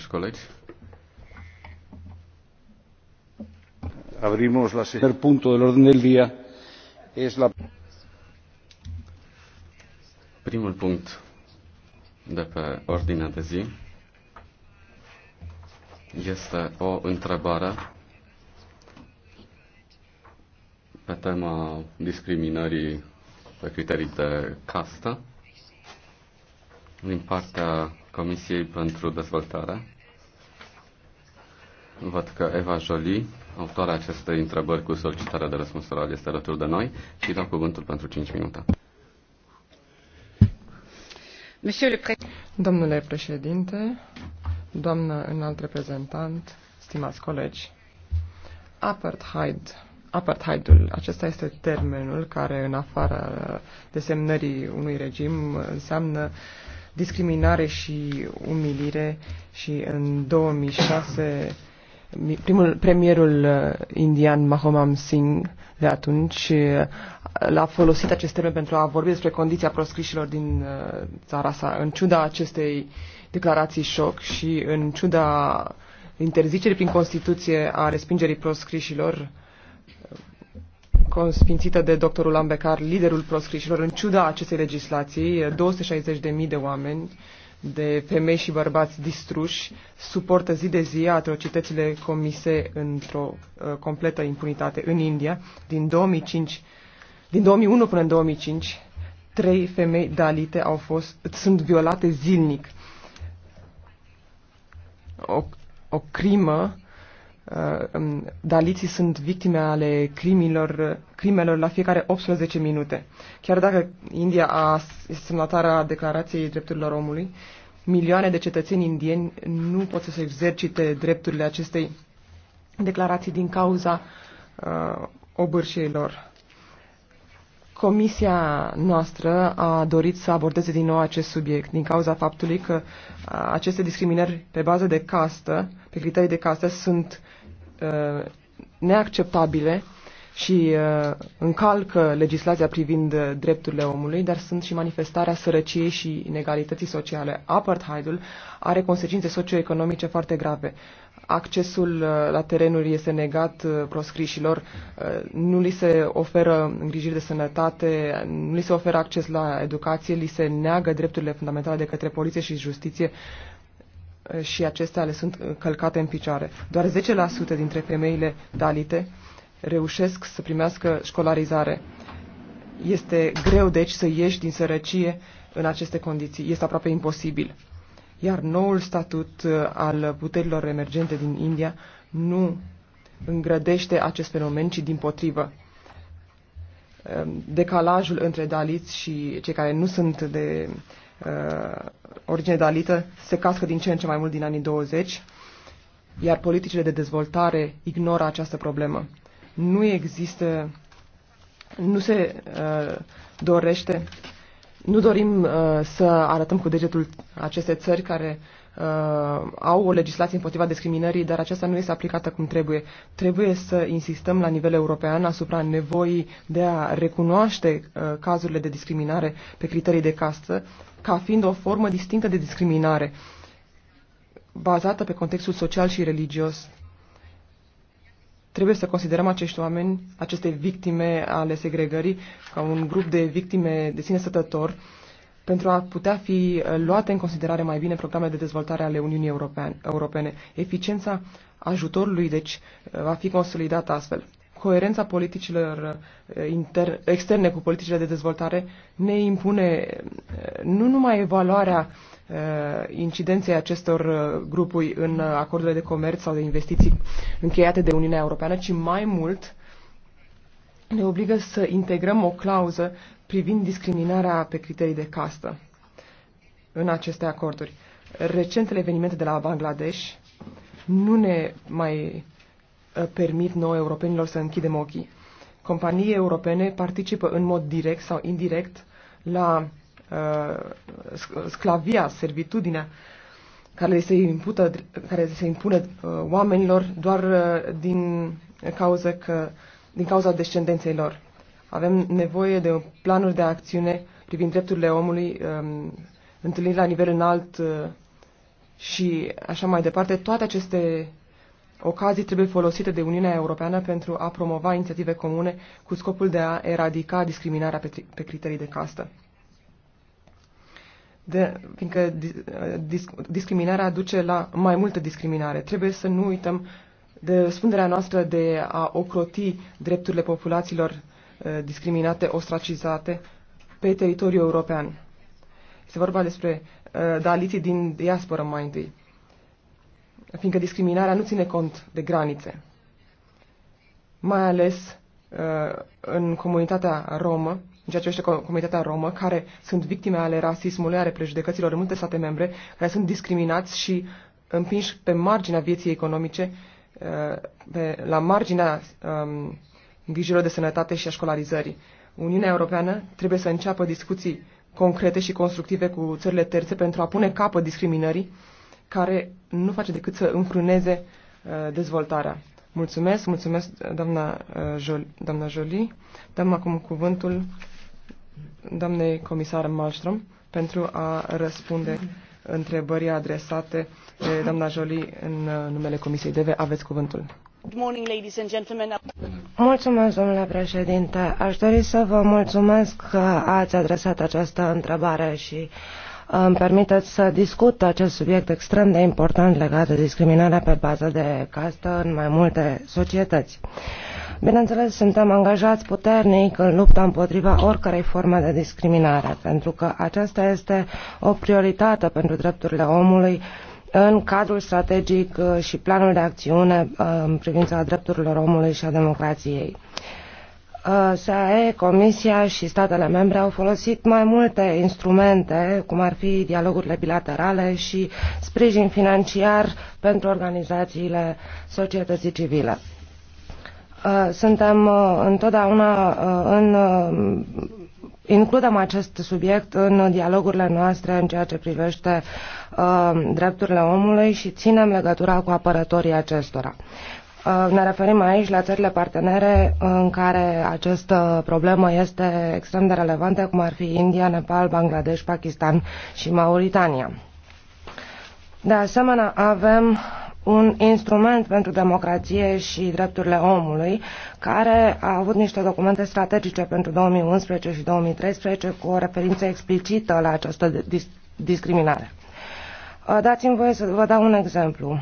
și colegi. Abrimos la primer punto del orden del día. Es la... Primul punct de pe ordinea de zi este o întrebare pe tema discriminării pe criterii de castă din partea Comisiei pentru Dezvoltare. Văd că Eva Jolie, autoarea acestei întrebări cu solicitarea de răspuns oral, este alături de noi și dau cuvântul pentru 5 minute. Domnule președinte, doamnă înalt reprezentant, stimați colegi, apartheid, apartheidul, acesta este termenul care, în afara desemnării unui regim, înseamnă discriminare și umilire și în 2006 primul premierul uh, indian Mahomam Singh de atunci uh, l-a folosit acest termen pentru a vorbi despre condiția proscrișilor din uh, țara sa. În ciuda acestei declarații șoc și în ciuda interzicerii prin Constituție a respingerii proscrișilor, consfințită de doctorul Ambecar, liderul proscrișilor, în ciuda acestei legislații, 260.000 de oameni de femei și bărbați distruși suportă zi de zi atrocitățile comise într-o uh, completă impunitate în India. Din 2005, din 2001 până în 2005, trei femei dalite au fost, sunt violate zilnic. O, o crimă Uh, um, daliții sunt victime ale crimilor, crimelor la fiecare 18 minute. Chiar dacă India a semnatara declarației drepturilor omului, milioane de cetățeni indieni nu pot să se exercite drepturile acestei declarații din cauza uh, obârșiilor. Comisia noastră a dorit să abordeze din nou acest subiect din cauza faptului că uh, aceste discriminări pe bază de castă, pe criterii de castă, sunt Uh, neacceptabile și uh, încalcă legislația privind uh, drepturile omului, dar sunt și manifestarea sărăciei și inegalității sociale. Apartheidul are consecințe socioeconomice foarte grave. Accesul uh, la terenuri este negat uh, proscrișilor, uh, nu li se oferă îngrijiri de sănătate, nu li se oferă acces la educație, li se neagă drepturile fundamentale de către poliție și justiție. Uh, și acestea le sunt uh, călcate în picioare. Doar 10% dintre femeile dalite reușesc să primească școlarizare. Este greu, deci, să ieși din sărăcie în aceste condiții. Este aproape imposibil. Iar noul statut uh, al puterilor emergente din India nu îngrădește acest fenomen, ci din potrivă. Um, decalajul între daliți și cei care nu sunt de uh, origine dalită se cască din ce în ce mai mult din anii 20, iar politicile de dezvoltare ignoră această problemă. Nu există, nu se uh, dorește, nu dorim uh, să arătăm cu degetul aceste țări care uh, uh, au o legislație împotriva discriminării, dar aceasta nu este aplicată cum trebuie. Trebuie să insistăm la nivel european asupra nevoii de a recunoaște uh, cazurile de discriminare pe criterii de castă ca fiind o formă distinctă de discriminare bazată pe contextul social și religios. Trebuie să considerăm acești oameni, aceste victime ale segregării, ca un grup de victime de sine stătător uh, pentru a putea fi uh, luate în considerare mai bine programele de dezvoltare ale Uniunii Europene. Eficiența ajutorului, deci, uh, va fi consolidată astfel. Coerența politicilor uh, inter, externe cu politicile de dezvoltare ne impune nu numai evaluarea incidenței acestor grupuri în acordurile de comerț sau de investiții încheiate de Uniunea Europeană, ci mai mult ne obligă să integrăm o clauză privind discriminarea pe criterii de castă în aceste acorduri. Recentele evenimente de la Bangladesh nu ne mai uh, permit noi europenilor să închidem ochii. Companii europene participă în mod direct sau indirect la uh, sclavia, servitudinea care se, impută, care se impune uh, oamenilor doar uh, din, cauză că, din cauza descendenței lor. Avem nevoie de planuri de acțiune privind drepturile omului, um, întâlniri la nivel înalt uh, și așa mai departe. Toate aceste ocazii trebuie folosite de Uniunea Europeană pentru a promova inițiative comune cu scopul de a eradica discriminarea pe, criterii de castă. De, fiindcă dis, discriminarea duce la mai multă discriminare. Trebuie să nu uităm de răspunderea noastră de a ocroti drepturile populațiilor Eh, discriminate, ostracizate pe teritoriul european. Este vorba despre eh, daliții din diasporă mai întâi, fiindcă discriminarea nu ține cont de granițe, mai ales eh, în comunitatea romă, în ceea ce este comunitatea romă, care sunt victime ale rasismului, ale prejudecăților în multe state membre, care sunt discriminați și împinși pe marginea vieții economice, pe, la marginea um, îngrijilor de sănătate și a școlarizării. Uniunea Europeană trebuie să înceapă discuții concrete și constructive cu țările terțe pentru a pune capăt discriminării care nu face decât să înfrâneze uh, dezvoltarea. Mulțumesc, mulțumesc, doamna, uh, doamna Jolie. Dăm acum cuvântul doamnei comisar Malmström pentru a răspunde întrebării adresate de doamna Jolie în uh, numele Comisiei DEVE. Aveți cuvântul. Mulțumesc, domnule președinte. Aș dori să vă mulțumesc că ați adresat această întrebare și uh, îmi permiteți să discut acest subiect extrem de important legat de discriminarea pe bază de castă în mai multe societăți. Bineînțeles, suntem angajați puternic în lupta împotriva oricărei forme de discriminare, pentru că aceasta este o prioritate pentru drepturile omului în cadrul strategic uh, și planul de acțiune uh, în privința drepturilor omului și a democrației. Uh, SAE, Comisia și statele membre au folosit mai multe instrumente, cum ar fi dialogurile bilaterale și sprijin financiar pentru organizațiile societății civile. Suntem întotdeauna în includem acest subiect în dialogurile noastre în ceea ce privește uh, drepturile omului și ținem legătura cu apărătorii acestora. Uh, ne referim aici la țările partenere în care această problemă este extrem de relevantă, cum ar fi India, Nepal, Bangladesh, Pakistan și Mauritania. De asemenea, avem un instrument pentru democrație și drepturile omului, care a avut niște documente strategice pentru 2011 și 2013 cu o referință explicită la această dis discriminare. Uh, dați-mi voie să vă dau un exemplu.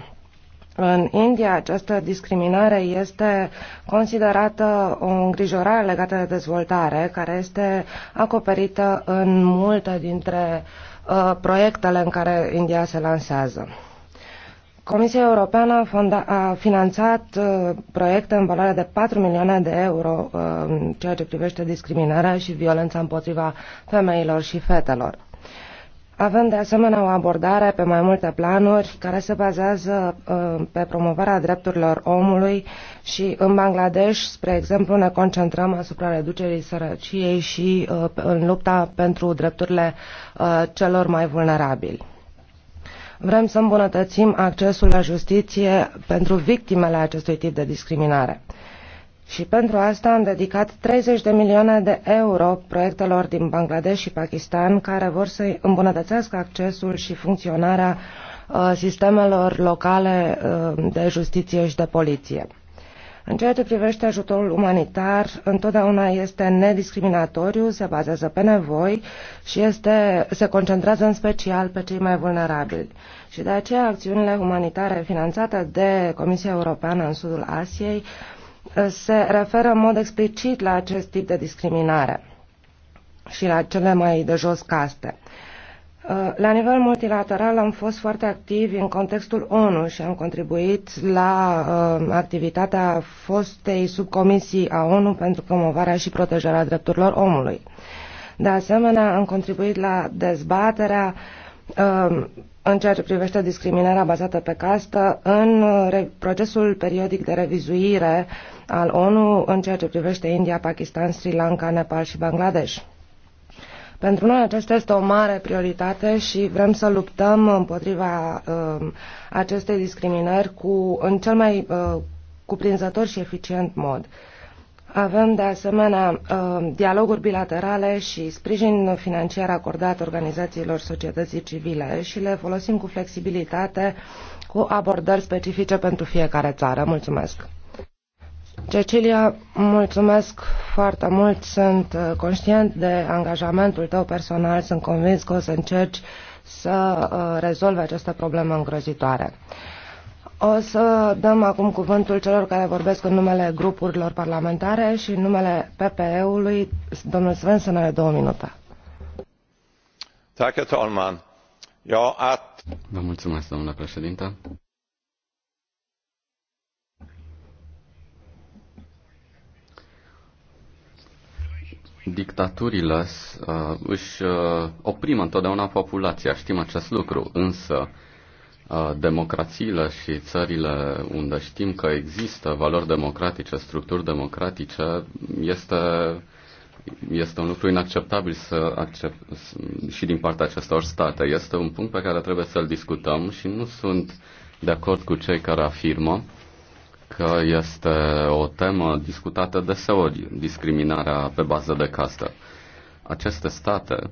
În India această discriminare este considerată o îngrijorare legată de dezvoltare care este acoperită în multe dintre uh, proiectele în care India se lansează. Comisia Europeană a finanțat uh, proiecte în valoare de 4 milioane de euro uh, în ceea ce privește discriminarea și violența împotriva femeilor și fetelor. Avem de asemenea o abordare pe mai multe planuri care se bazează uh, pe promovarea drepturilor omului și în Bangladesh, spre exemplu, ne concentrăm asupra reducerii sărăciei și în lupta pentru drepturile celor mai vulnerabili. Vrem să îmbunătățim accesul la justiție pentru victimele acestui tip de discriminare. Și pentru asta am dedicat 30 de milioane de euro proiectelor din Bangladesh și Pakistan care vor să îmbunătățească accesul și funcționarea uh, sistemelor locale uh, de justiție și de poliție. În ceea ce privește ajutorul umanitar, întotdeauna este nediscriminatoriu, se bazează pe nevoi și este, se concentrează în special pe cei mai vulnerabili. Și de aceea acțiunile umanitare finanțate de Comisia Europeană în Sudul Asiei uh, se referă în mod explicit la acest tip de discriminare și la cele mai de jos caste. Uh, la nivel multilateral am fost foarte activi în contextul ONU și am contribuit la uh, activitatea fostei subcomisii a ONU pentru promovarea și protejarea drepturilor omului. De asemenea, am contribuit la dezbaterea uh, Um, în ceea ce privește discriminarea bazată pe castă în uh, procesul periodic de revizuire al ONU în ceea ce privește India, Pakistan, Sri Lanka, Nepal și Bangladesh. Pentru noi aceasta este o mare prioritate și vrem să luptăm împotriva uh, acestei discriminări cu, în cel mai uh, cuprinzător și eficient mod. Uh, avem de asemenea uh, dialoguri bilaterale și sprijin financiar acordat organizațiilor societății civile și le folosim cu flexibilitate cu abordări specifice pentru fiecare țară. Mulțumesc! Cecilia, mulțumesc foarte mult. Sunt uh, conștient de angajamentul tău personal. Sunt convins că o să încerci să uh, rezolvi această problemă îngrozitoare. O să dăm acum cuvântul celor care vorbesc în numele grupurilor parlamentare și în numele PPE-ului, domnul Svensson are două minute. Vă mulțumesc, domnule președinte. Dictaturile uh, își uh, oprimă întotdeauna populația, știm acest lucru, însă uh, Uh, democrațiile și țările unde știm că există valori democratice, structuri democratice, este, este un lucru inacceptabil să accept, și din partea acestor state. Este un punct pe care trebuie să-l discutăm și nu sunt de acord cu cei care afirmă că este o temă discutată deseori, discriminarea pe bază de castă. Aceste state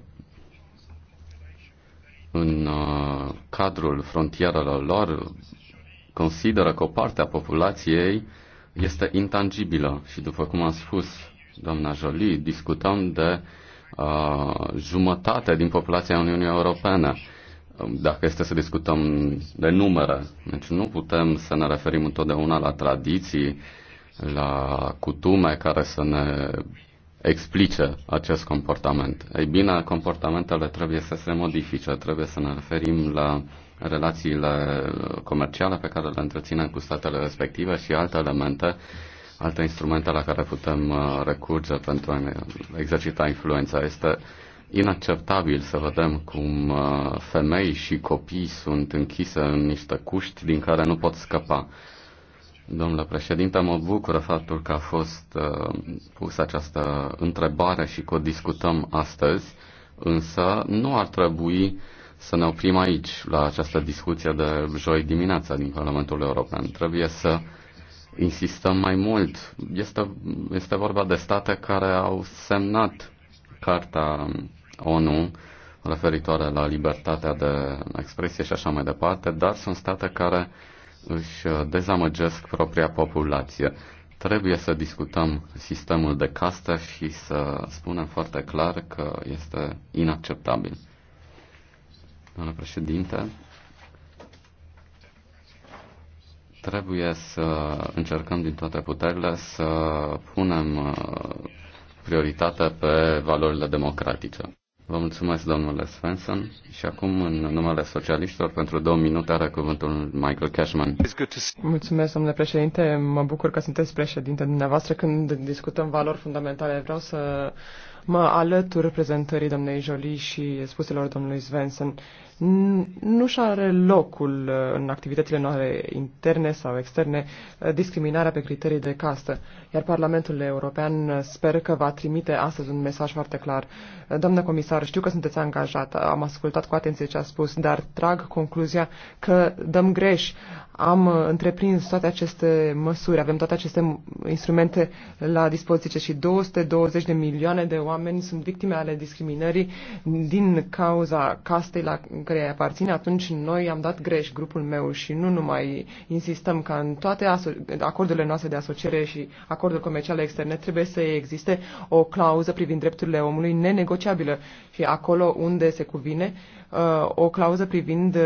în uh, cadrul frontierelor lor consideră că o parte a populației este intangibilă și după cum a spus doamna Jolie, discutăm de uh, jumătate din populația Uniunii Europene. Um, dacă este să discutăm de numere, deci nu putem să ne referim întotdeauna la tradiții, la cutume care să ne explice acest comportament. Ei bine, comportamentele trebuie să se modifice, trebuie să ne referim la relațiile comerciale pe care le întreținem cu statele respective și alte elemente, alte instrumente la care putem uh, recurge pentru a exercita influența. Este inacceptabil să vedem cum uh, femei și copii sunt închise în niște cuști din care nu pot scăpa. Domnule președinte, mă bucură faptul că a fost uh, pusă această întrebare și că o discutăm astăzi, însă nu ar trebui să ne oprim aici, la această discuție de joi dimineața din Parlamentul European. Trebuie să insistăm mai mult. Este, este vorba de state care au semnat Carta ONU referitoare la libertatea de expresie și așa mai departe, dar sunt state care își uh, dezamăgesc propria populație. Trebuie să discutăm sistemul de castă și să spunem foarte clar că este inacceptabil. Doamna președinte, trebuie să încercăm din toate puterile să punem uh, prioritate pe valorile democratice. Vă mulțumesc, domnule Svensson. Și acum, în numele socialiștilor, pentru două minute are cuvântul Michael Cashman. Mulțumesc, domnule președinte. Mă bucur că sunteți președinte dumneavoastră când discutăm valori fundamentale. Vreau să mă alătur reprezentării domnului Jolie și spuselor domnului Svensson nu și are locul uh, în activitățile noastre interne sau externe uh, discriminarea pe criterii de castă. Iar Parlamentul European uh, sper că va trimite astăzi un mesaj foarte clar. Doamna comisar, știu că sunteți angajată, am ascultat cu atenție ce a spus, dar trag concluzia că dăm greș. Am întreprins toate aceste măsuri, avem toate aceste instrumente la dispoziție și 220 de milioane de oameni sunt victime ale discriminării din cauza castei la care aparține, atunci noi am dat greș grupul meu și nu numai insistăm ca în toate acordurile noastre de asociere și acorduri comerciale externe trebuie să existe o clauză privind drepturile omului nenegociabilă și acolo unde se cuvine uh, o clauză privind uh,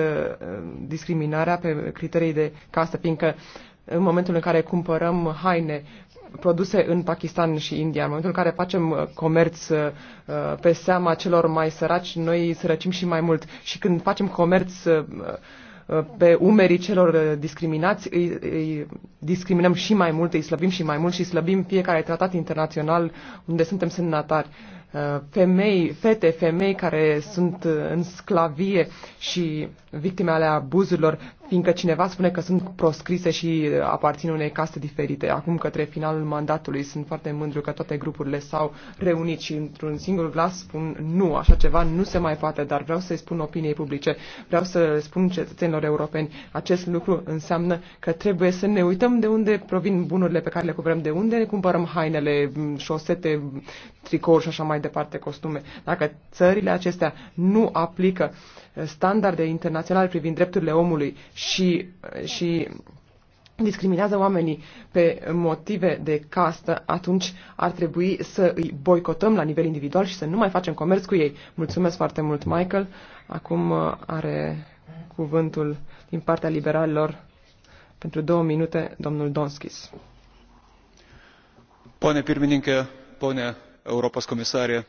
discriminarea pe criterii de castă, fiindcă în momentul în care cumpărăm haine produse în Pakistan și India. În momentul în care facem uh, comerț uh, pe seama celor mai săraci, noi sărăcim și mai mult. Și când facem comerț uh, pe umerii celor discriminați, îi, îi discriminăm și mai mult, îi slăbim și mai mult și slăbim fiecare tratat internațional unde suntem semnatari. Uh, Uh, femei, fete, femei care sunt uh, în sclavie și victime ale abuzurilor, fiindcă cineva spune că sunt proscrise și uh, aparțin unei caste diferite. Acum, către finalul mandatului, sunt foarte mândru că toate grupurile s-au reunit și într-un singur glas spun nu, așa ceva nu se mai poate, dar vreau să-i spun opiniei publice, vreau să spun cetățenilor europeni, acest lucru înseamnă că trebuie să ne uităm de unde provin bunurile pe care le cumpărăm, de unde ne cumpărăm hainele, șosete, tricouri și așa mai mai departe costume. Dacă țările acestea nu aplică eh, standarde internaționale privind drepturile omului și, eh, și discriminează oamenii pe motive de castă, atunci ar trebui să îi boicotăm la nivel individual și să nu mai facem comerț cu ei. Mulțumesc foarte mult, Michael. Acum eh, are cuvântul din partea liberalilor pentru două minute, domnul Donskis. Pone pirmininke, pone Europos Comisarie.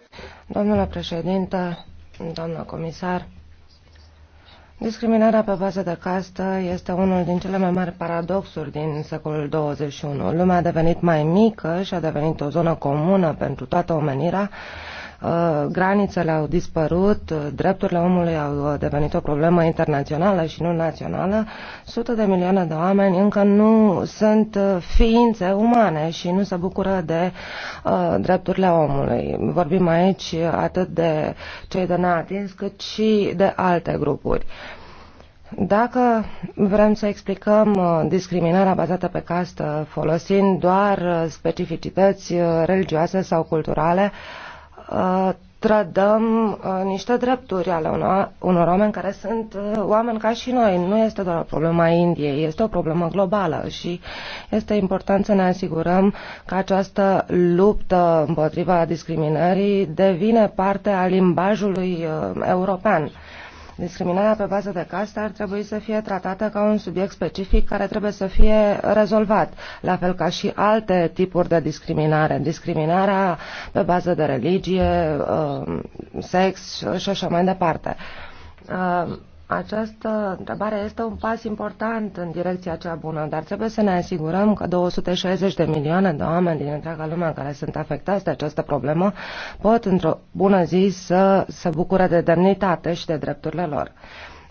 Domnule președinte, doamnă comisar, Discriminarea pe bază de castă este unul din cele mai mari paradoxuri din secolul 21. Lumea a devenit mai mică și a devenit o zonă comună pentru toată omenirea Uh, granițele au dispărut, uh, drepturile omului au uh, devenit o problemă internațională și nu națională, sute de milioane de oameni încă nu sunt ființe umane și nu se bucură de drepturile omului. Vorbim aici atât de cei de neatins cât și de alte grupuri. Dacă vrem să explicăm discriminarea bazată pe castă folosind doar specificități religioase sau culturale, Uh, trădăm uh, niște drepturi ale unor, unor oameni care sunt uh, oameni ca și noi. Nu este doar o problemă a Indiei, este o problemă globală și este important să ne asigurăm că această luptă împotriva discriminării devine parte a limbajului uh, european Discriminarea pe bază de castă ar trebui să fie tratată ca un subiect specific care trebuie să fie rezolvat, la fel ca și alte tipuri de discriminare. Discriminarea pe bază de religie, uh, sex și așa mai departe uh, această întrebare este un pas important în direcția cea bună, dar trebuie să ne asigurăm că 260 de milioane de oameni din întreaga lume care sunt afectați de această problemă pot într-o bună zi să se bucure de demnitate și de drepturile lor.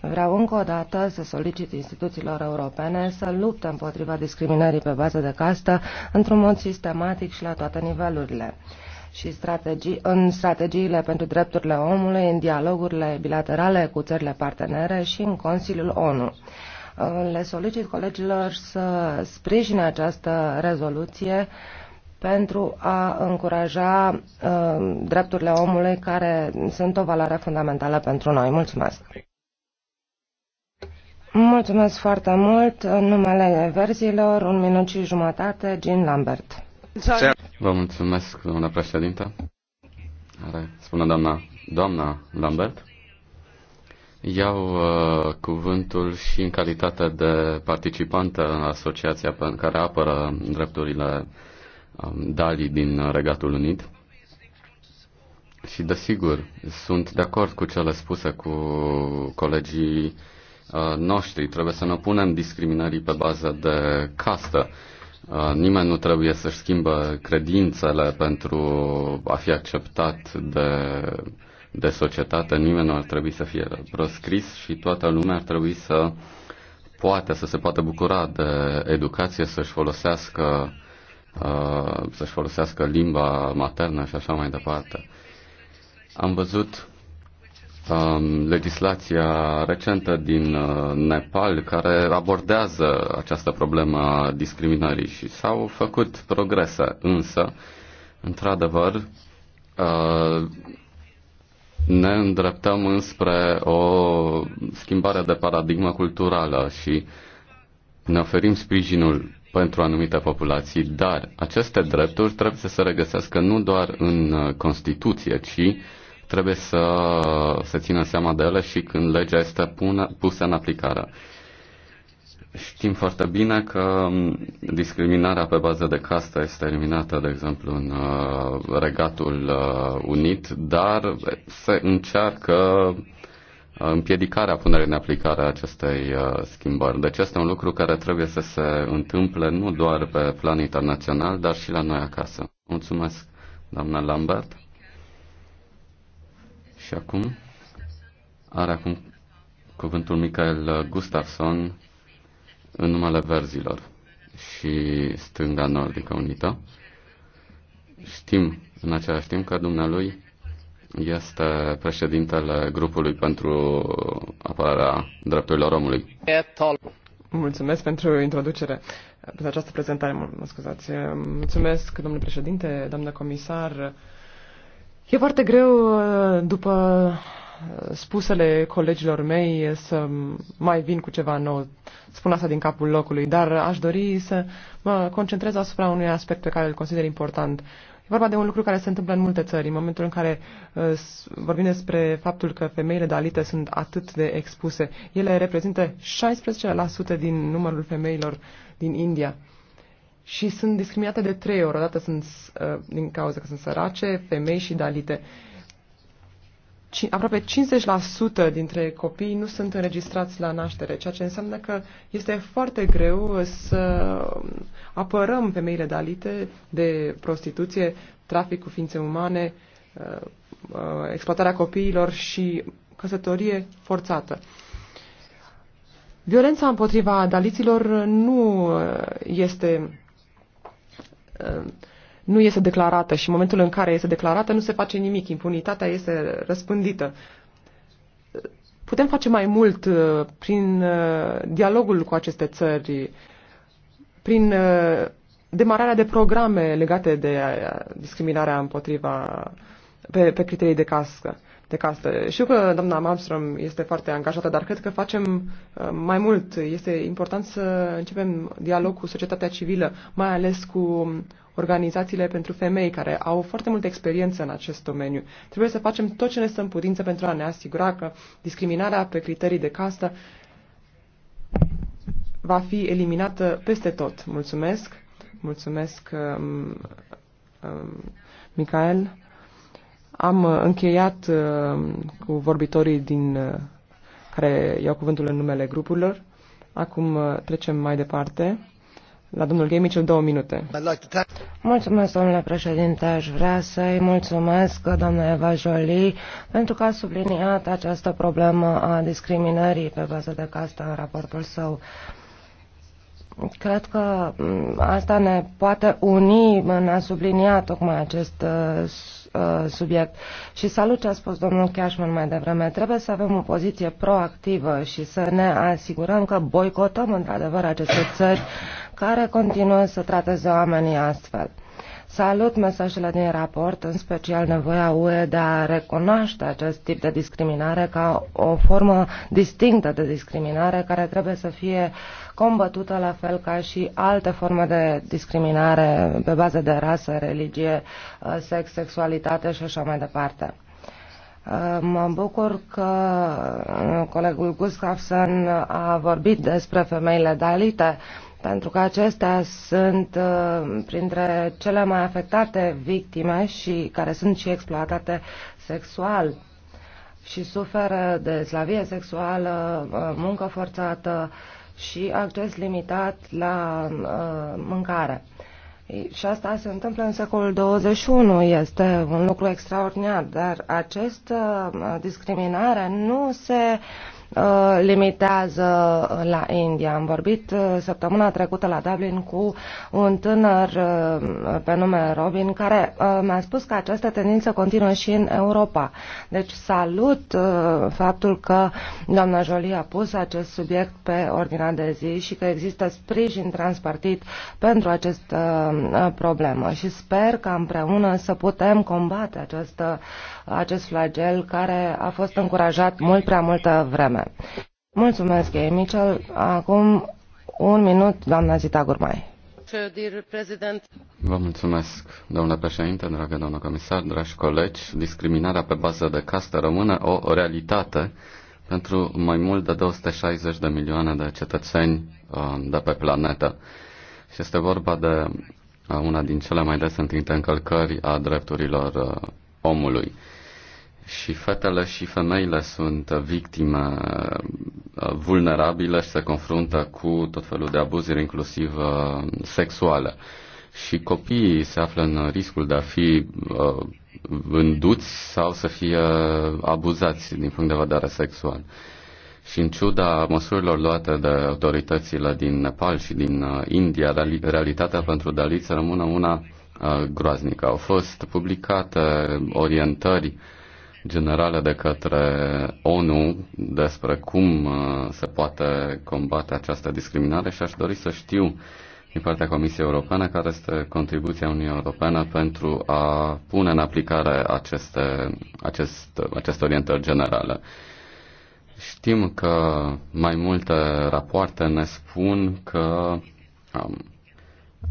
Vreau încă o dată să solicit instituțiilor europene să lupte împotriva discriminării pe bază de castă într-un mod sistematic și la toate nivelurile și strategii, în strategiile pentru drepturile omului, în dialogurile bilaterale cu țările partenere și în Consiliul ONU. Uh, le solicit colegilor să sprijine această rezoluție pentru a încuraja uh, drepturile omului care sunt o valoare fundamentală pentru noi. Mulțumesc! Mulțumesc foarte mult. În numele verzilor, un minut și jumătate, Jean Lambert. Vă mulțumesc, doamna președintă. Are, spune doamna, doamna Lambert. Iau uh, cuvântul și în calitate de participantă în asociația pe care apără drepturile um, DALI din Regatul Unit. Și desigur, sunt de acord cu cele spuse cu colegii uh, noștri. Trebuie să ne opunem discriminării pe bază de castă. Uh, Uh, nimeni nu trebuie să-și schimbă credințele pentru a fi acceptat de, de societate, nimeni nu ar trebui să fie proscris și toată lumea ar trebui să poate, să se poată bucura de educație, să-și folosească, uh, să-și folosească limba maternă și așa mai departe. Am văzut um, legislația recentă din uh, Nepal care abordează această problemă a discriminării și s-au făcut progrese, însă, într-adevăr, uh, ne îndreptăm înspre o schimbare de paradigmă culturală și ne oferim sprijinul pentru anumite populații, dar aceste drepturi trebuie să se regăsească nu doar în uh, Constituție, ci trebuie să se țină seama de ele și când legea este pune, pusă în aplicare. Știm foarte bine că discriminarea pe bază de castă este eliminată, de exemplu, în uh, Regatul uh, Unit, dar se încearcă uh, împiedicarea punerii în aplicare a acestei schimbări. Deci este un lucru care trebuie să se întâmple nu doar pe plan internațional, dar și la noi acasă. Mulțumesc, doamna Lambert. Și acum are acum cuvântul Michael Gustafsson în numele verzilor și stânga nordică unită. Știm în același timp că dumnealui este președintele grupului pentru apărarea drepturilor omului. Mulțumesc pentru introducere, pentru această prezentare, mă scuzați. Mulțumesc, domnule președinte, doamnă comisar, E foarte greu, uh, după uh, spusele colegilor mei, să mai vin cu ceva nou. Spun asta din capul locului, dar aș dori să mă concentrez asupra unui aspect pe care îl consider important. E vorba de un lucru care se întâmplă în multe țări. În momentul în care uh, vorbim despre faptul că femeile dalite sunt atât de expuse, ele reprezintă 16% din numărul femeilor din India și sunt discriminate de trei ori. Odată sunt uh, din cauza că sunt sărace, femei și dalite. Ci, aproape 50% dintre copii nu sunt înregistrați la naștere, ceea ce înseamnă că este foarte greu să um, apărăm femeile dalite de prostituție, trafic cu ființe umane, uh, uh, exploatarea copiilor și căsătorie forțată. Violența împotriva daliților nu uh, este Uh, nu este declarată și în momentul în care este declarată nu se face nimic, impunitatea este răspândită. Putem face mai mult uh, prin uh, dialogul cu aceste țări, prin demararea de programe legate de discriminarea împotriva pe, pe criterii de cască de castă. Știu că doamna Malmström este foarte angajată, dar cred că facem uh, mai mult. Este important să începem dialog cu societatea civilă, mai ales cu organizațiile pentru femei care au foarte multă experiență în acest domeniu. Trebuie să facem tot ce ne stă în putință pentru a ne asigura că discriminarea pe criterii de castă va fi eliminată peste tot. Mulțumesc! Mulțumesc, um, um, Michael! Am uh, încheiat uh, cu vorbitorii din uh, care iau cuvântul în numele grupurilor. Acum trecem mai departe. La domnul Ghemiciu, două minute. Mulțumesc, domnule președinte. Aș vrea să-i mulțumesc, doamna Eva Jolie, pentru că a subliniat această problemă a discriminării pe bază de castă în raportul său. Cred că mm, asta ne poate uni în a sublinia tocmai acest Uh, subiect și salut ce a spus domnul Cashman mai devreme. Trebuie să avem o poziție proactivă și să ne asigurăm că boicotăm într-adevăr aceste țări care continuă să trateze oamenii astfel. Salut mesajele din raport, în special nevoia UE de a recunoaște acest tip de discriminare ca o formă distinctă de discriminare care trebuie să fie combătută la fel ca și alte forme de discriminare pe bază de rasă, religie, sex, sexualitate și așa mai departe. Uh, mă bucur că uh, colegul Gustafsson a vorbit despre femeile dalite, pentru că acestea sunt uh, printre cele mai afectate victime și care sunt și exploatate sexual și suferă de slavie sexuală, uh, muncă forțată și acces limitat la uh, mâncare. Și asta se întâmplă în secolul 21, este un lucru extraordinar, dar această discriminare nu se uh, Uh, limitează la India. Am vorbit uh, săptămâna trecută la Dublin cu un tânăr uh, pe nume Robin care mi-a spus că această tendință continuă și în Europa. Deci salut faptul că doamna Jolie a pus acest subiect pe ordinea de zi și că există sprijin transpartit pentru această problemă și sper că împreună să putem combate această, acest flagel care a fost încurajat mult prea multă vreme. Europeană. Mulțumesc, Gay Mitchell. Acum un minut, doamna Zita Gurmai. Vă mulțumesc, domnule președinte, dragă doamnă comisar, dragi colegi. Discriminarea pe bază de castă rămâne o realitate pentru mai mult de 260 de milioane de cetățeni uh, de pe planetă. Și este vorba de uh, una din cele mai des întinte încălcări a drepturilor uh, omului și fetele și femeile sunt victime uh, vulnerabile și se confruntă cu tot felul de abuzuri, inclusiv uh, sexuale. Și copiii se află în riscul de a fi vânduți uh, sau să fie abuzați din punct de vedere sexual. Și în ciuda măsurilor luate de autoritățile din Nepal și din India, realitatea pentru Dalit rămâne una groaznică. Au fost publicate orientări uh, Generale de către ONU despre cum uh, se poate combate această discriminare și aș dori să știu din partea Comisiei Europene care este contribuția Uniunii Europene pentru a pune în aplicare aceste, acest, aceste orientări generale. Știm că mai multe rapoarte ne spun că um,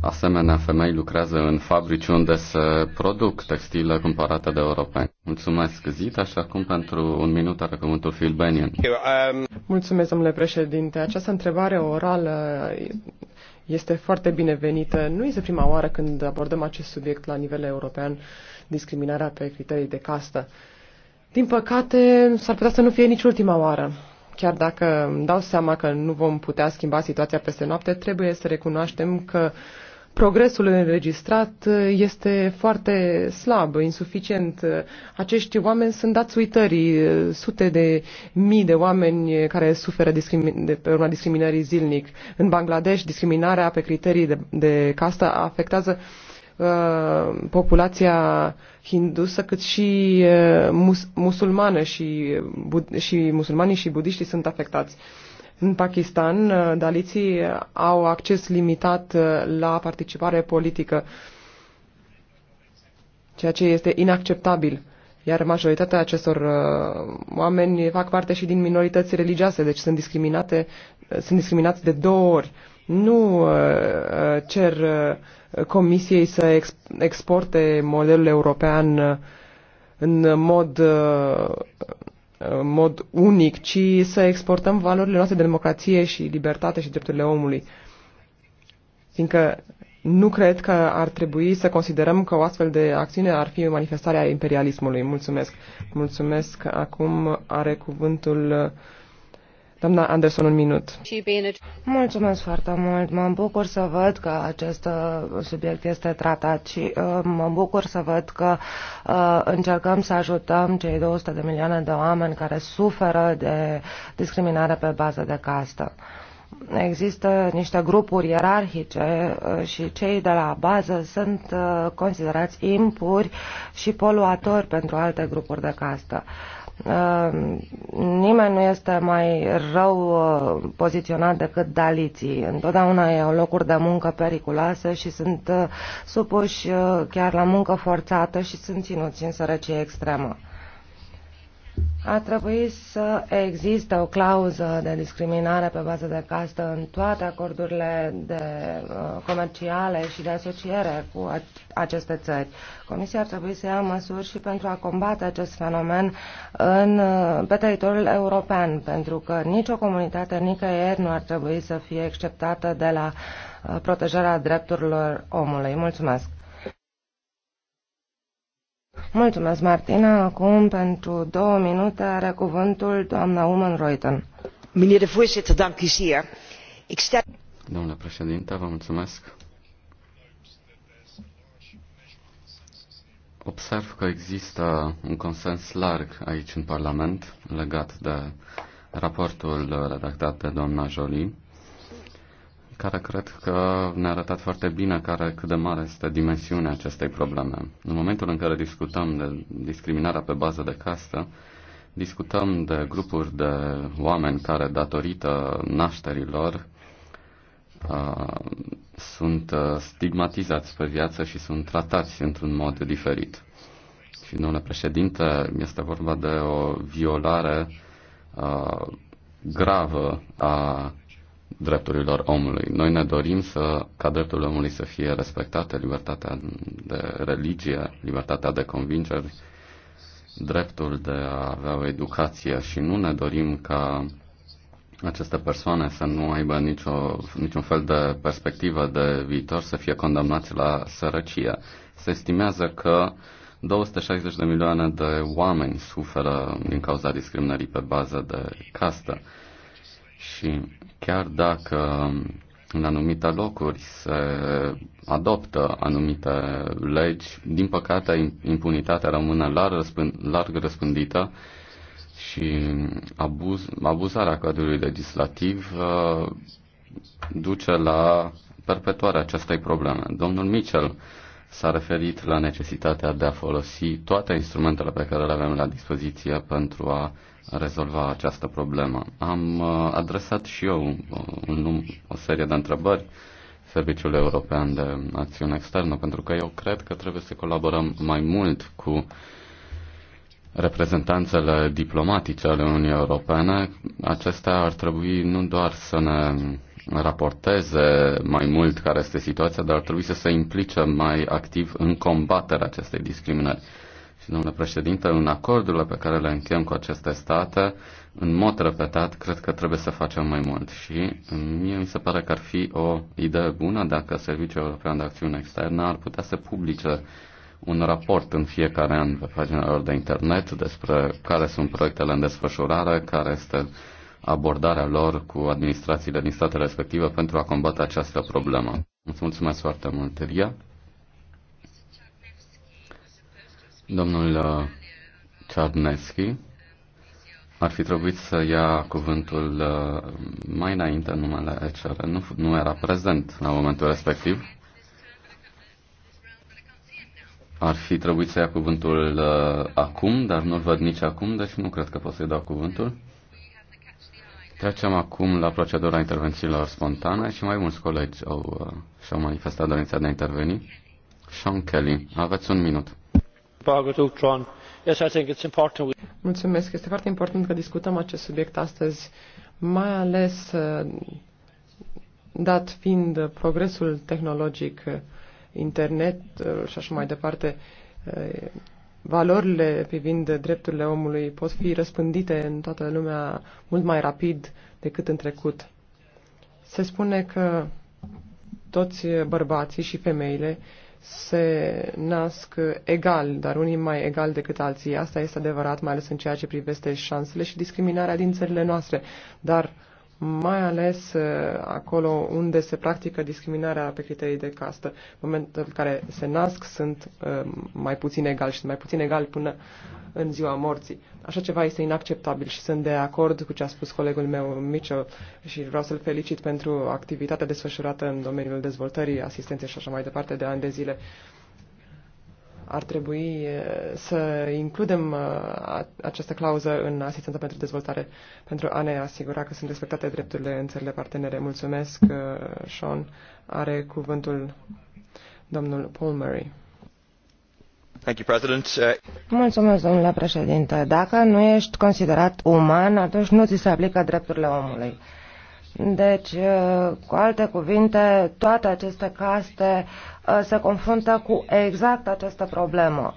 Asemenea, femei lucrează în fabrici unde se produc textile cumpărate de europeni. Mulțumesc, Zita, și acum pentru un minut are cuvântul Phil Bennion. Um, Mulțumesc, domnule președinte. Această întrebare orală este foarte binevenită. Nu este prima oară când abordăm acest subiect la nivel european, discriminarea pe criterii de castă. Din păcate, s-ar putea să nu fie nici ultima oară. Chiar dacă îmi dau seama că nu vom putea schimba situația peste noapte, trebuie să recunoaștem că progresul înregistrat este foarte slab, insuficient. Acești oameni sunt dați uitării, sute de mii de oameni care suferă de pe urma discriminării zilnic. În Bangladesh, discriminarea pe criterii de, de castă afectează uh, Uh, populația hindusă, cât și uh, mus- musulmană și, bud- și musulmanii și budiștii sunt afectați. În Pakistan, uh, daliții au acces limitat la participare politică, ceea ce este inacceptabil. Iar majoritatea acestor uh, oameni fac parte și din minorități religioase, deci sunt, discriminate, sunt discriminați de două ori. Nu uh, cer uh, Comisiei să exporte modelul european uh, în mod, uh, în mod unic, ci să exportăm valorile noastre de democrație și libertate și drepturile omului. Fiindcă nu cred că ar trebui să considerăm că o astfel de acțiune ar fi manifestarea imperialismului. Mulțumesc. Mulțumesc. Acum are cuvântul uh, Doamna Anderson, un minut. Mulțumesc foarte mult. Mă bucur să văd că acest uh, subiect este tratat și uh, mă bucur să văd că uh, încercăm să ajutăm cei 200 de milioane de oameni care suferă de discriminare pe bază de castă există niște grupuri ierarhice și cei de la bază sunt considerați impuri și poluatori pentru alte grupuri de castă. Ehm, nimeni nu este mai rău uh, poziționat decât daliții. Întotdeauna e o locuri de muncă periculoase și sunt uh, supuși uh, chiar la muncă forțată și sunt ținuți în sărăcie extremă. A trebuit să existe o clauză de discriminare pe bază de castă în toate acordurile de, uh, comerciale și de asociere cu aceste țări. Comisia ar trebui să ia măsuri și pentru a combate acest fenomen în, uh, pe teritoriul european, pentru că nicio comunitate nicăieri nu ar trebui să fie exceptată de la uh, protejarea drepturilor omului. Mulțumesc! Mulțumesc, Martina. Acum, pentru două minute, are cuvântul doamna Uman Reuten. Meneer de voorzitter, dank u zeer. Ik stel... Domnule președinte, vă mulțumesc. Observ că există un consens larg aici în Parlament legat de raportul redactat de doamna Jolie care cred că ne-a arătat foarte bine care, cât de mare este dimensiunea acestei probleme. În momentul în care discutăm de discriminarea pe bază de castă, discutăm de grupuri de oameni care, datorită nașterilor, uh, sunt stigmatizați pe viață și sunt tratați într-un mod diferit. Și, domnule președinte, este vorba de o violare uh, gravă a drepturilor omului. Noi ne dorim să, ca drepturile omului să fie respectate, libertatea de religie, libertatea de convingeri, dreptul de a avea o educație și nu ne dorim ca aceste persoane să nu aibă nicio, niciun fel de perspectivă de viitor, să fie condamnați la sărăcie. Se estimează că 260 de milioane de oameni suferă din cauza discriminării pe bază de castă. Și Chiar dacă în anumite locuri se adoptă anumite legi, din păcate impunitatea rămâne larg, răspând, larg răspândită și abuz, abuzarea cadrului legislativ uh, duce la perpetuarea acestei probleme. Domnul Mitchell s-a referit la necesitatea de a folosi toate instrumentele pe care le avem la dispoziție pentru a rezolva această problemă. Am uh, adresat și eu uh, un, o serie de întrebări Serviciul European de Acțiune Externă, pentru că eu cred că trebuie să colaborăm mai mult cu reprezentanțele diplomatice ale Uniunii Europene. Acestea ar trebui nu doar să ne raporteze mai mult care este situația, dar ar trebui să se implice mai activ în combaterea acestei discriminări. Și, domnule președinte, în acordurile pe care le încheiem cu aceste state, în mod repetat, cred că trebuie să facem mai mult. Și mie mi se pare că ar fi o idee bună dacă Serviciul European de Acțiune Externă ar putea să publice un raport în fiecare an pe pagina lor de internet despre care sunt proiectele în desfășurare, care este abordarea lor cu administrațiile din statele respective pentru a combate această problemă. Îți mulțumesc foarte mult, Ria. Domnul uh, Czarnecki ar fi trebuit să ia cuvântul uh, mai înainte în numele ECR. Nu, nu era prezent la momentul respectiv. Ar fi trebuit să ia cuvântul uh, acum, dar nu-l văd nici acum, deci nu cred că pot să-i dau cuvântul. Trecem acum la procedura intervențiilor spontane și mai mulți colegi au, uh, și-au manifestat dorința de a interveni. Sean Kelly, aveți un minut. Mulțumesc. Este foarte important că discutăm acest subiect astăzi, mai ales uh, dat fiind progresul tehnologic, uh, internet și așa mai departe valorile privind drepturile omului pot fi răspândite în toată lumea mult mai rapid decât în trecut. Se spune că toți bărbații și femeile se nasc egal, dar unii mai egal decât alții. Asta este adevărat, mai ales în ceea ce privește șansele și discriminarea din țările noastre. Dar mai ales uh, acolo unde se practică discriminarea pe criterii de castă. În momentul în care se nasc sunt uh, mai puțin egali și sunt mai puțin egali până în ziua morții. Așa ceva este inacceptabil și sunt de acord cu ce a spus colegul meu Mitchell și vreau să-l felicit pentru activitatea desfășurată în domeniul dezvoltării, asistenței și așa mai departe de ani de zile. Uh, ar trebui să includem această clauză în asistența pentru dezvoltare pentru a ne asigura că sunt respectate drepturile în țările partenere. Mulțumesc, Sean. Are cuvântul domnul Paul Murray. Uh, Mulțumesc, domnule președinte. Dacă nu ești considerat uman, atunci nu ți se aplică drepturile omului. Deci, uh, cu alte cuvinte, toate aceste caste uh, se confruntă cu exact această problemă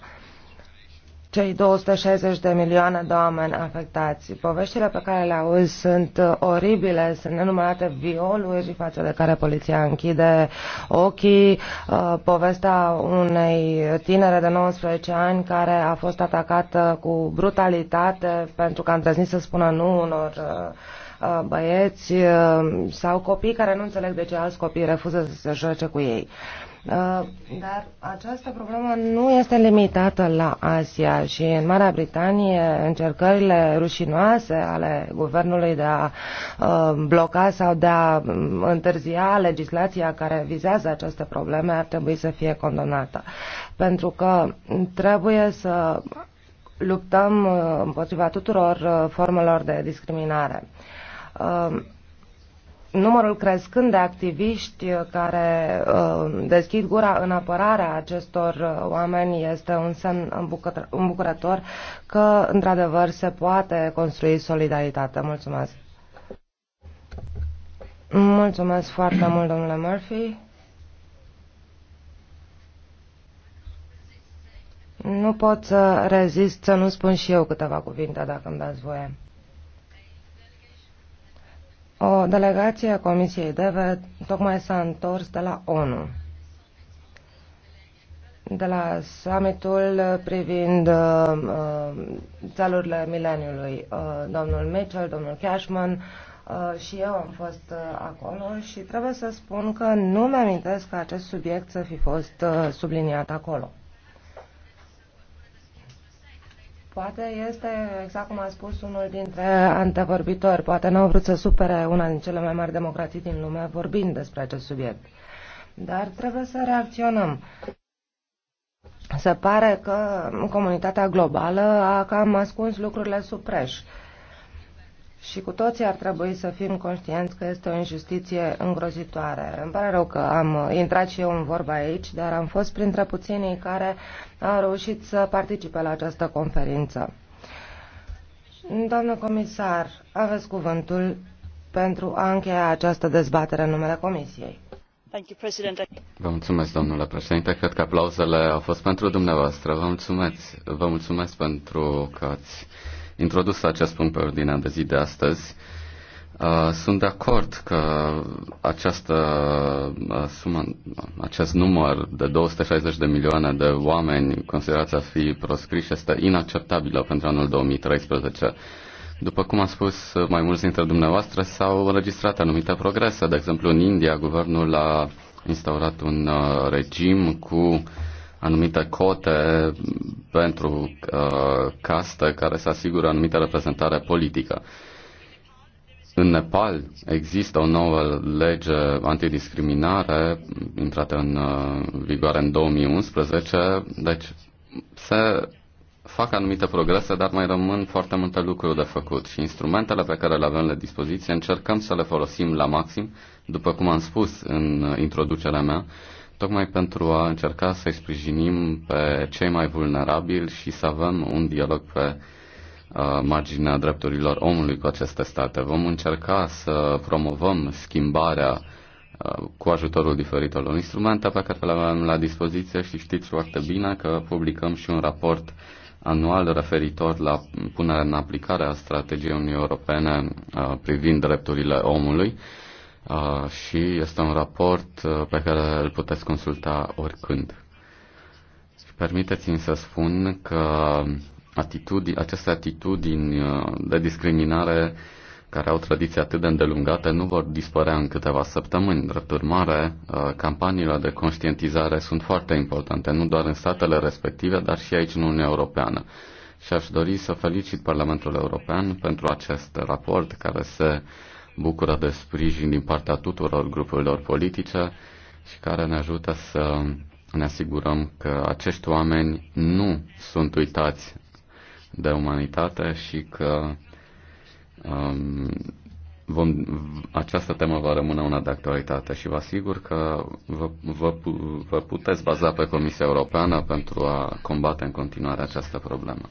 cei 260 de milioane de oameni afectați. Poveștile pe care le auzi sunt uh, oribile, sunt nenumărate violuri față de care poliția închide ochii. Povestea unei tinere de 19 ani care a fost atacată cu brutalitate pentru că a îndrăznit să spună nu unor uh, Uh, băieți uh, sau copii care nu înțeleg de ce alți copii refuză să se joace cu ei. Uh, dar această problemă nu este limitată la Asia și în Marea Britanie încercările rușinoase ale guvernului de a bloca sau de a um, întârzia legislația care vizează aceste probleme ar trebui să fie condonată. Pentru că trebuie să luptăm împotriva tuturor formelor de discriminare. Um, numărul crescând de activiști care um, deschid gura în apărarea acestor uh, oameni este un semn îmbucurător că, într-adevăr, se poate construi solidaritate. Mulțumesc! Mulțumesc foarte mult, domnule Murphy. Nu pot să rezist să nu spun și eu câteva cuvinte, dacă îmi dați voie. O delegație a Comisiei DEVE tocmai s-a întors de la ONU, de la summitul privind uh, uh, țelurile mileniului. Uh, domnul Mitchell, domnul Cashman uh, și eu am fost uh, acolo și trebuie să spun că nu mi-amintesc că acest subiect să fi fost uh, subliniat acolo. Poate este, exact cum a spus unul dintre antevorbitori, poate n-au vrut să supere una din cele mai mari democrații din lume vorbind despre acest subiect. Dar trebuie să reacționăm. Se pare că comunitatea globală a cam ascuns lucrurile sub preș. Și cu toții ar trebui să fim conștienți că este o injustiție îngrozitoare. Îmi pare rău că am intrat și eu în vorba aici, dar am fost printre puținii care au reușit să participe la această conferință. Doamnă comisar, aveți cuvântul pentru a încheia această dezbatere în numele Comisiei. Vă mulțumesc, domnule președinte. Cred că aplauzele au fost pentru dumneavoastră. Vă mulțumesc, vă mulțumesc pentru că ați introdus acest punct pe ordinea de zi de astăzi. Uh, sunt de acord că această uh, sumă, acest număr de 260 de milioane de oameni considerați a fi proscriși este inacceptabilă pentru anul 2013. După cum a spus mai mulți dintre dumneavoastră, s-au înregistrat anumite progrese. De exemplu, în India, guvernul a instaurat un uh, regim cu anumite cote pentru uh, caste care să asigură anumită reprezentare politică. În Nepal există o nouă lege antidiscriminare intrată în uh, vigoare în 2011, deci se fac anumite progrese, dar mai rămân foarte multe lucruri de făcut și instrumentele pe care le avem la dispoziție încercăm să le folosim la maxim, după cum am spus în introducerea mea, uh, tocmai pentru a încerca să-i sprijinim pe cei mai vulnerabili și să avem un dialog pe uh, marginea drepturilor omului cu aceste state. Vom încerca să promovăm schimbarea uh, cu ajutorul diferitelor instrumente pe care le avem la dispoziție și știți foarte bine că publicăm și un raport anual referitor la punerea în aplicare a strategiei Uniunii Europene uh, privind drepturile omului Uh, și este un raport uh, pe care îl puteți consulta oricând. Permiteți-mi să spun că atitudini, aceste atitudini uh, de discriminare care au tradiții atât de îndelungate nu vor dispărea în câteva săptămâni. Drept urmare, campaniile de conștientizare sunt foarte importante, nu doar în statele respective, dar și aici în Uniunea Europeană. Și aș dori să felicit Parlamentul European pentru acest raport care se bucură de sprijin din partea tuturor grupurilor politice și care ne ajută să ne asigurăm că acești oameni nu sunt uitați de umanitate și că um, vom, această temă va rămâne una de actualitate și vă asigur că vă, vă, vă puteți baza pe Comisia Europeană pentru a combate în continuare această problemă.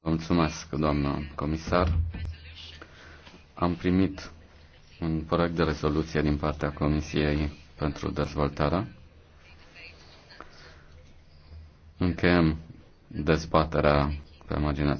Vă mulțumesc, doamnă comisar. Am primit un proiect de rezoluție din partea Comisiei pentru Dezvoltare. Încheiem dezbaterea pe marginea